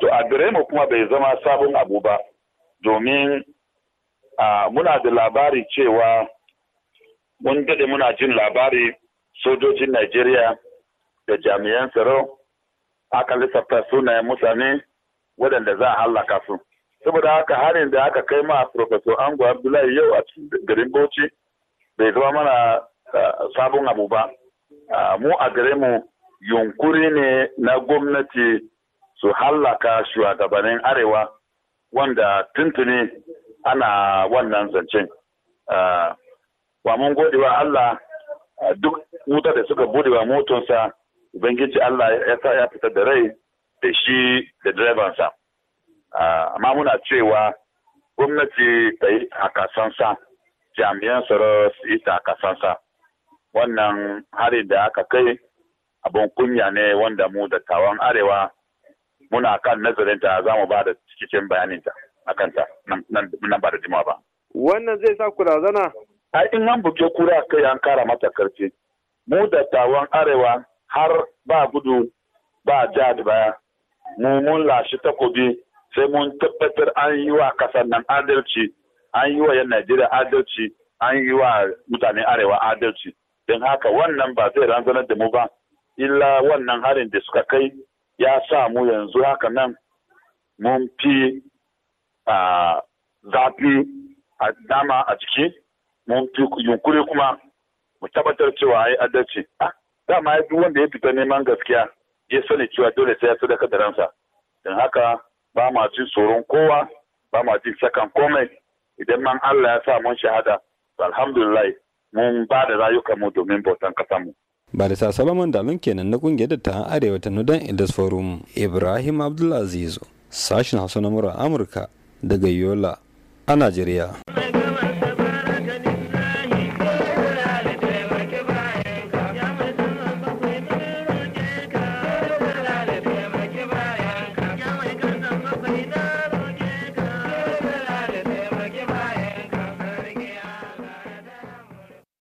to a gare mu kuma bai zama sabon abu ba domin muna da labari cewa mun daɗe muna jin labari sojojin Najeriya da jami'an tsaro aka lissafta sunayen mutane waɗanda za a hallaka su. Saboda haka harin da aka kai ma Profesor Ango Abdullahi yau a cikin garin Bauchi bai zama mana sabon abu ba. Mu a gare mu yunkuri ne na gwamnati su hallaka shugabannin arewa wanda tuntuni ana wannan zancen. Ah, wa mun wa Allah ah, duk wuta da suka wa motonsa Ubangiji Allah ya sa ya fitar da rai da shi da direbansa. Ah, amma muna cewa gwamnati ta yi takasansa, jami'an tsaro su yi takasansa. Wannan hari da aka kai abin kunya ne wanda mu da dattawan arewa muna kan nazarinta za mu ba da cikin bayaninta a kanta nan ba da jima ba. Wannan zai sa ku razana? A in an buke kura kai an kara mata karfi. Mu da tawon arewa har ba gudu ba ja baya. Mu mun lashe takobi sai mun tabbatar an yi wa kasar nan adalci, an yi wa yan Najeriya adalci, an yi wa mutanen arewa adalci. Don haka wannan ba zai ranzanar da mu ba, illa wannan harin da suka kai ya sa mu yanzu haka nan mun fi zafi a dama a ciki mun fi yunkuri kuma mu tabbatar cewa ai adalci dama ya duk wanda ya fita neman gaskiya ya sani cewa dole sai ya sadaka da ransa don haka ba ma jin tsoron kowa ba ma jin shakan komai idan man Allah ya sa mun shahada alhamdulillah mun ba da rayuka rayukanmu domin bautan kasanmu. mu barisa solomon dalon kenan na kungiyar dattawan arewa ta nudan indus forum ibrahim abdulaziz sashen hausa na amurka daga yola a najeriya